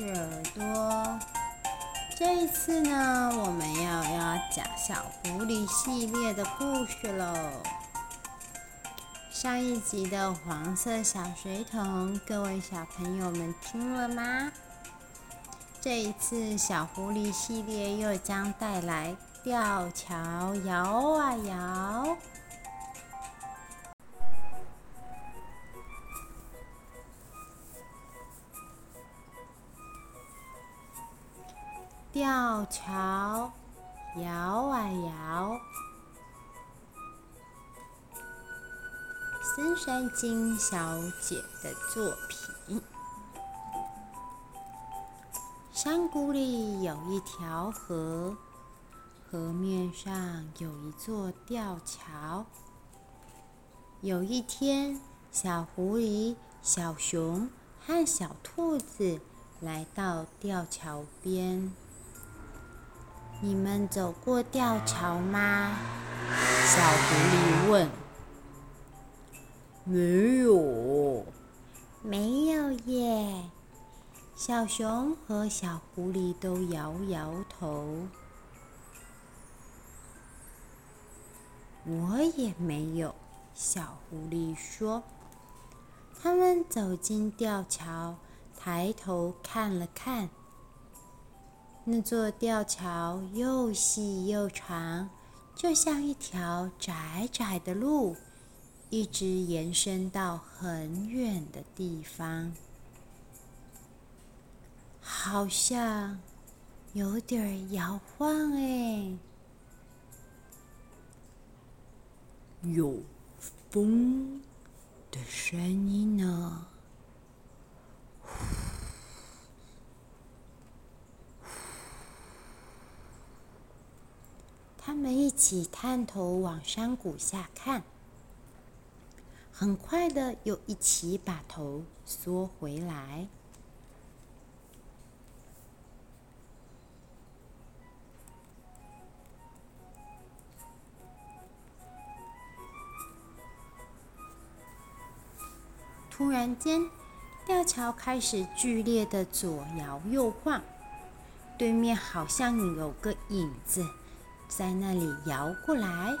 耳朵，這一次呢，我們要要講小狐狸系列的故事嘍。上一集的黃色小水桶，各位小朋友們聽了嗎？這一次小狐狸系列又將帶來吊橋搖啊搖。吊橋搖啊搖，森山京小姐的作品。山谷裡有一條河，河面上有一座吊橋。有一天，小狐狸、小熊和小兔子來到吊橋邊。你們走過吊橋嗎？小狐狸問。沒有。沒有耶。小熊和小狐狸都搖搖頭。我也沒有。小狐狸說。他們走進吊橋，抬頭看了看。那座吊橋又細又長，就像一條窄窄的路，一直延伸到很遠的地方，好像有點搖晃哎！有風的聲音呢。一起探頭往山谷下看，很快的又一起把頭縮回來。突然間，吊橋開始劇烈的左搖右晃，對面好像有個影子。在那裡搖過來，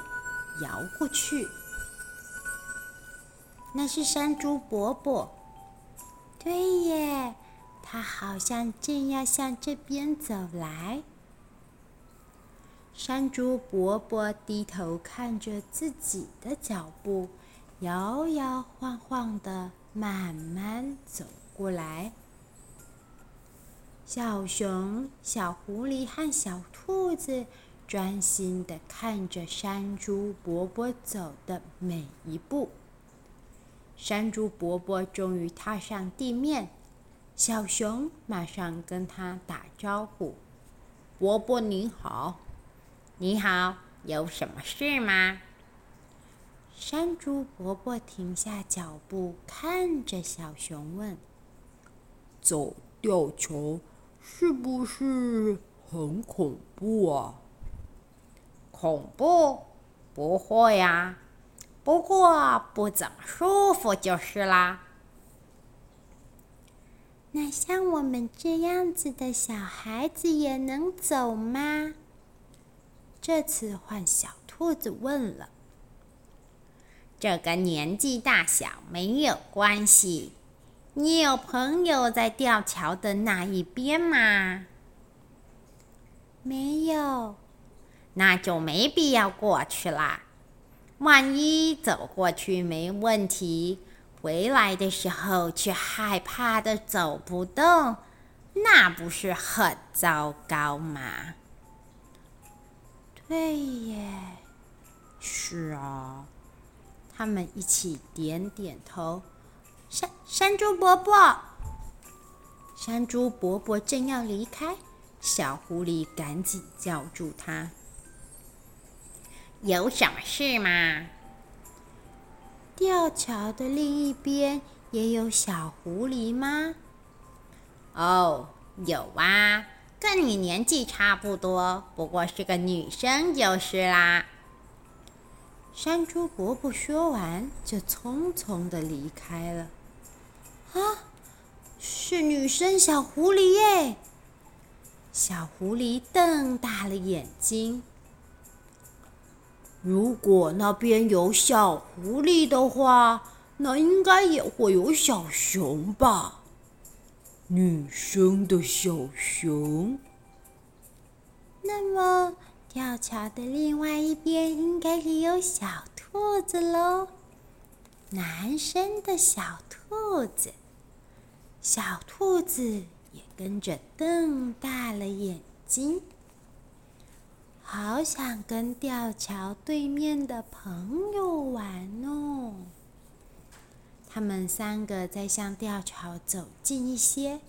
搖過去。那是山豬伯伯，對耶，他好像正要向這邊走來。山豬伯伯低頭看着自己的腳步，搖搖晃晃地慢慢走過來。小熊、小狐狸和小兔子。專心地看着山豬伯伯走的每一步。山豬伯伯終於踏上地面，小熊馬上跟他打招呼：“伯伯，您好。”“你好，有什麼事嗎？”山豬伯伯停下腳步，看着小熊問：“走吊橋是不是很恐怖啊？”恐怖？不會呀、啊，不過不怎麼舒服就是啦。那像我們這樣子的小孩子也能走嗎？這次換小兔子問了，這跟、個、年紀大小沒有關係。你有朋友在吊橋的那一邊嗎？沒有。那就沒必要過去啦。萬一走過去沒問題，回來的時候卻害怕的走不動，那不是很糟糕嗎？對耶，是啊、哦。他們一起點點頭。山山豬伯伯，山豬伯伯正要離開，小狐狸趕緊叫住他。有什麼事嗎？吊橋的另一邊也有小狐狸嗎？哦，有啊，跟你年紀差不多，不過是個女生就是啦。山豬伯伯說完就匆匆地離開了。啊，是女生小狐狸耶！小狐狸瞪大了眼睛。如果那邊有小狐狸的話，那應該也會有小熊吧？女生的小熊。那麼，吊橋的另外一邊應該也有小兔子嘍？男生的小兔子。小兔子也跟着瞪大了眼睛。好想跟吊橋對面的朋友玩哦！他們三個在向吊橋走近一些，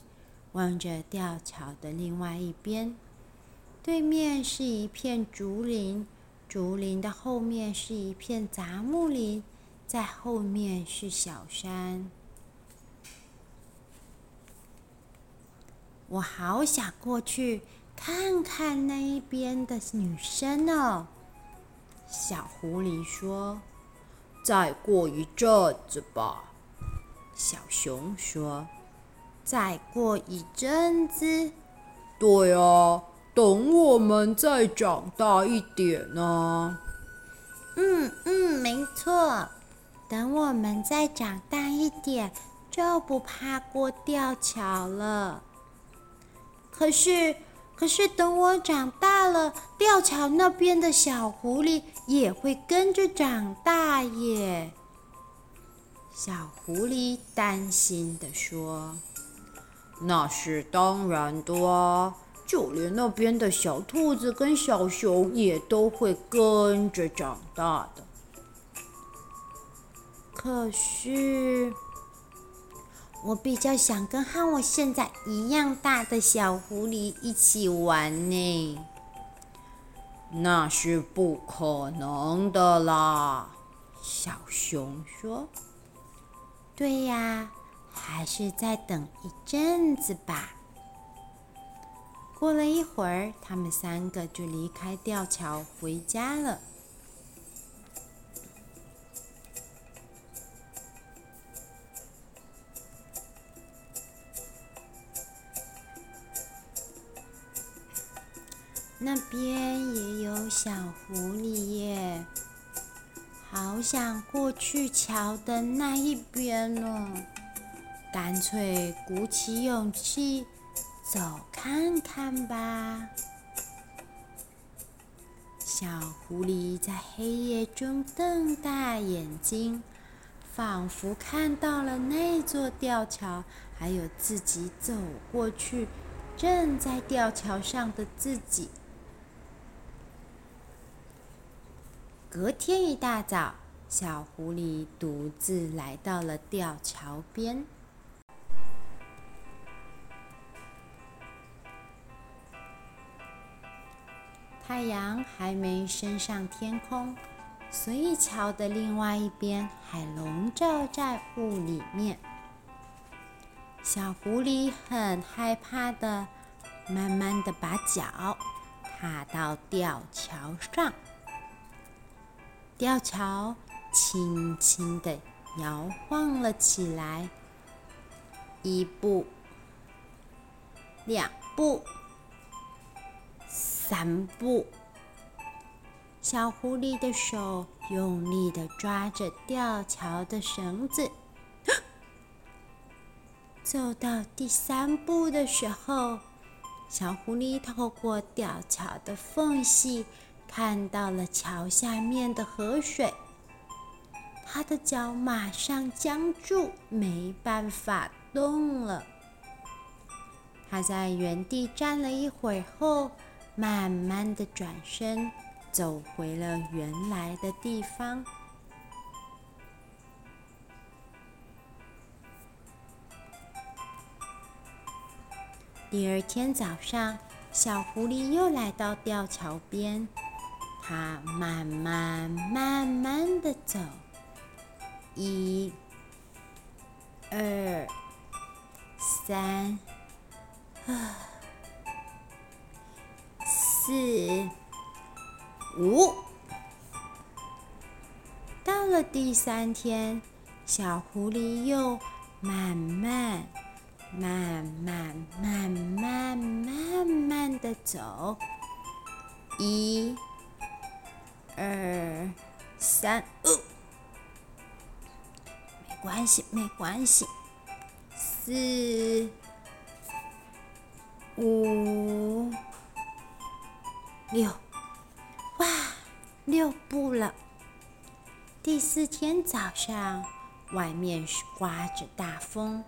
望着吊橋的另外一邊。對面是一片竹林，竹林的後面是一片雜木林，再後面是小山。我好想過去。看看那邊的女生呢、哦，小狐狸說：“再過一陣子吧。”小熊說：“再過一陣子。”對啊，等我們再長大一點呢、啊。嗯嗯，沒錯，等我們再長大一點，就不怕過吊橋了。可是。可是等我長大了，吊橋那邊的小狐狸也會跟着長大耶。小狐狸擔心的說：“那是當然的啊，就連那邊的小兔子跟小熊也都會跟着長大的。”可是。我比較想跟和我現在一樣大的小狐狸一起玩呢。那是不可能的啦，小熊說。“對呀、啊，還是再等一陣子吧。”過了一會兒，他們三個就離開吊橋回家了。小狐狸耶，好想過去橋的那一邊了、哦。乾脆鼓起勇氣走看看吧。小狐狸在黑夜中瞪大眼睛，仿佛看到了那座吊橋，還有自己走過去、站在吊橋上的自己。隔天一大早，小狐狸獨自來到了吊橋邊。太陽還沒升上天空，所以橋的另外一邊還籠罩在霧裡面。小狐狸很害怕的，慢慢的把腳踏到吊橋上。吊橋輕輕地搖晃了起來。一步，兩步，三步，小狐狸的手用力地抓着吊橋的繩子。走到第三步的時候，小狐狸透過吊橋的縫隙。看到了橋下面的河水，他的腳馬上僵住，沒辦法動了。他在原地站了一會兒後，慢慢的轉身，走回了原來的地方。第二天早上，小狐狸又來到吊橋邊。它慢慢慢慢地走，一、二、三、四、五。到了第三天，小狐狸又慢慢、慢慢、慢慢、慢慢、慢慢的走，一。二三五、哦，沒關係，沒關係。四五六，哇，六步了。第四天早上，外面是颳着大風，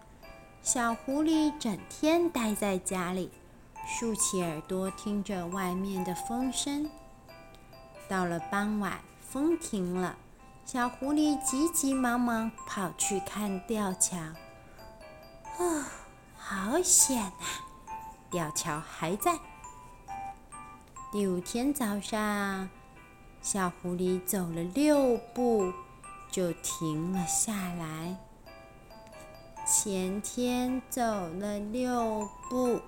小狐狸整天待在家裡，豎起耳朵聽着外面的風聲。到了傍晚，風停了，小狐狸急急忙忙跑去看吊橋。哦，好險啊！吊橋還在。第五天早上，小狐狸走了六步，就停了下來。前天走了六步。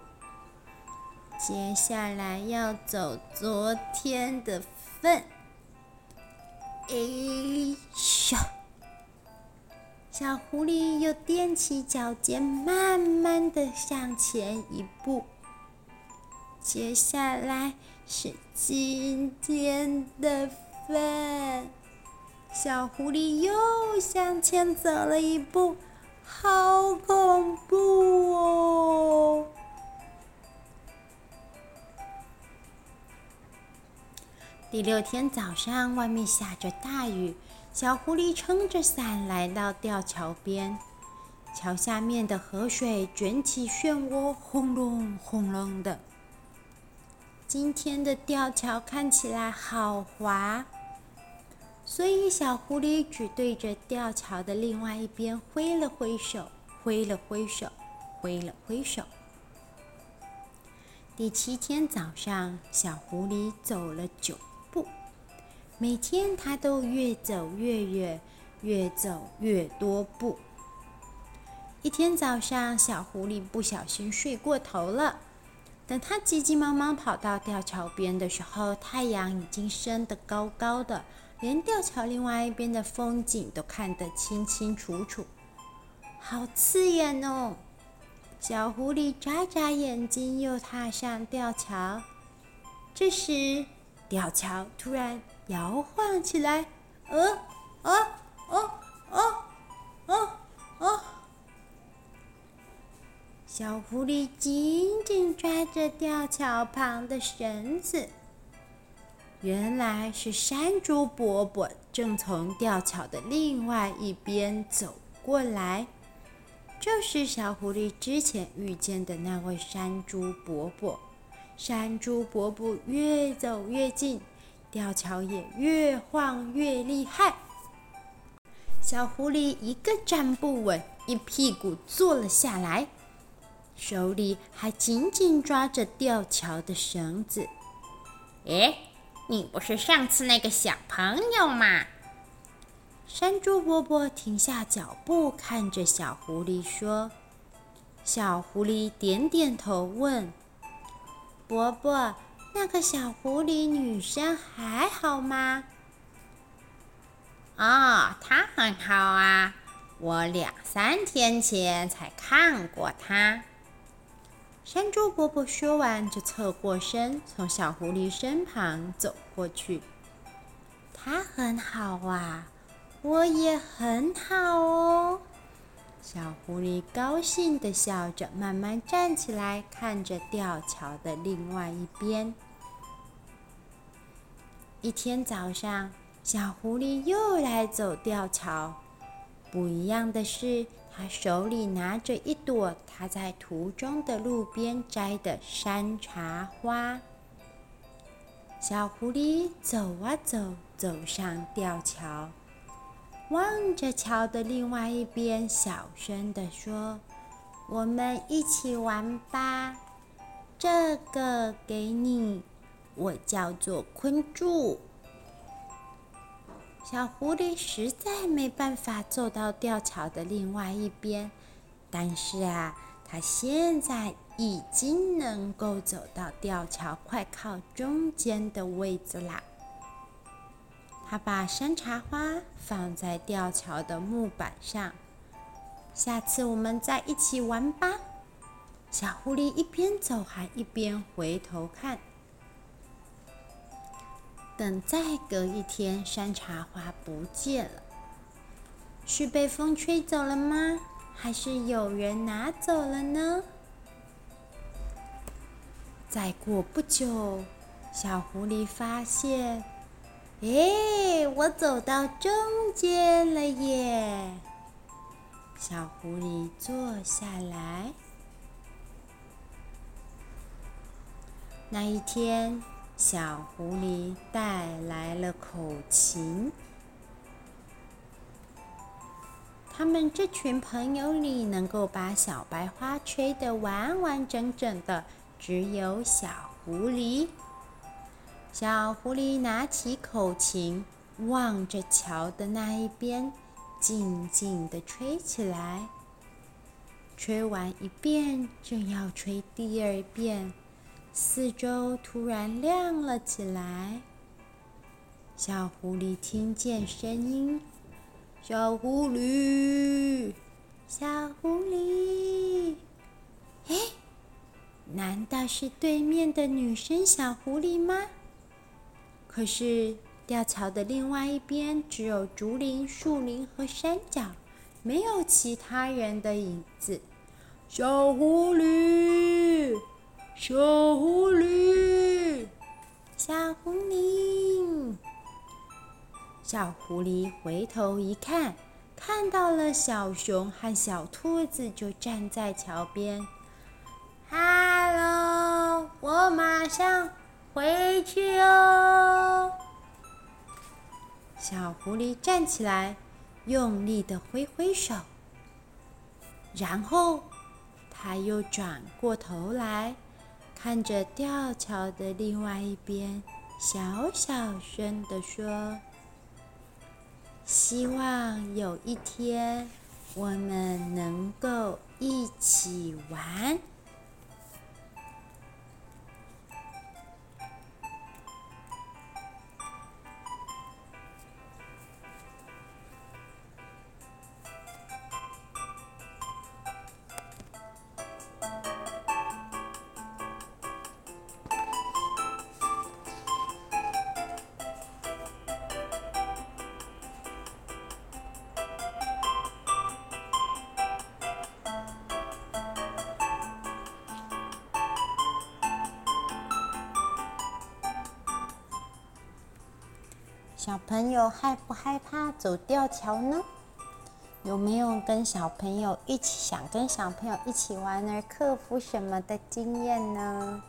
接下來要走昨天的份，哎，小狐狸又踮起腳尖，慢慢的向前一步。接下來是今天的份。小狐狸又向前走了一步，好恐怖哦！第六天早上，外面下着大雨，小狐狸撐着傘來到吊橋邊。橋下面的河水捲起漩渦，轟隆轟隆的。今天的吊橋看起來好滑，所以小狐狸只對着吊橋的另外一邊揮了揮手，揮了揮手，揮了揮手。第七天早上，小狐狸走了九步。每天他都越走越遠，越走越多步。一天早上，小狐狸不小心睡過頭了。等他急急忙忙跑到吊橋邊的時候，太陽已經升得高高的，連吊橋另外一邊的風景都看得清清楚楚，好刺眼哦！小狐狸眨眨，眨眼睛，又踏上吊橋。這時，吊橋突然……搖晃起來，哦哦哦哦哦哦！小狐狸緊緊抓着吊橋旁的繩子。原來是山豬伯伯正從吊橋的另外一邊走過來。這是小狐狸之前遇見的那位山豬伯伯。山豬伯伯越走越近。吊橋也越晃越厲害，小狐狸一個站不穩，一屁股坐了下來，手裡還緊緊抓着吊橋的繩子。哎，你不是上次那個小朋友嗎？山豬伯伯停下腳步，看着小狐狸說：“小狐狸點點頭，問伯伯。”那個小狐狸女生還好嗎？哦，她很好啊，我兩三天前才看過她。山豬伯伯說完，就側過身從小狐狸身旁走過去。她很好啊，我也很好哦。小狐狸高興地笑着，慢慢站起來，看着吊橋的另外一邊。一天早上，小狐狸又來走吊橋，不一樣的是，它手裡拿着一朵它在途中的路邊摘的山茶花。小狐狸走啊走，走上吊橋。望着橋的另外一邊，小聲地說：“我們一起玩吧，這個給你，我叫做坤柱。”小狐狸實在沒辦法走到吊橋的另外一邊，但是啊，它現在已經能夠走到吊橋快靠中間的位置啦。他把山茶花放在吊橋的木板上，下次我們再一起玩吧。小狐狸一邊走還一邊回頭看。等再隔一天，山茶花不見了，是被風吹走了嗎？還是有人拿走了呢？再過不久，小狐狸發現。哎，我走到中間了耶。小狐狸坐下來。那一天，小狐狸帶來了口琴。他們這群朋友裡，能夠把小白花吹得完完整整的，只有小狐狸。小狐狸拿起口琴，望着橋的那一邊，靜靜地吹起來。吹完一遍，正要吹第二遍，四周突然亮了起來。小狐狸聽見聲音：“小狐狸，小狐狸，哎，難道是對面的女生小狐狸嗎？”可是吊橋的另外一邊只有竹林、樹林和山腳，沒有其他人的影子。小狐狸，小狐狸，小狐狸，小狐狸，小狐狸回頭一看，看到了小熊和小兔子，就站在橋邊。哈嘍，我馬上回去哦！小狐狸站起來，用力的揮揮手，然後他又轉過頭來，看着吊橋的另外一邊，小小聲的說：“希望有一天我們能夠一起玩。”小朋友害不害怕走吊橋呢？有沒有跟小朋友一起想跟小朋友一起玩而克服什麼的經驗呢？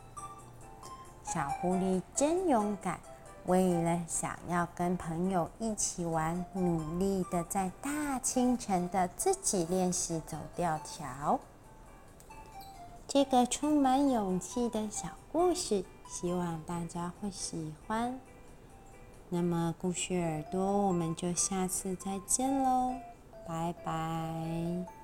小狐狸真勇敢，為了想要跟朋友一起玩，努力的在大清晨的自己練習走吊橋。這個充滿勇氣的小故事，希望大家會喜歡。那麼，故事耳朵，我們就下次再見嘍，拜拜。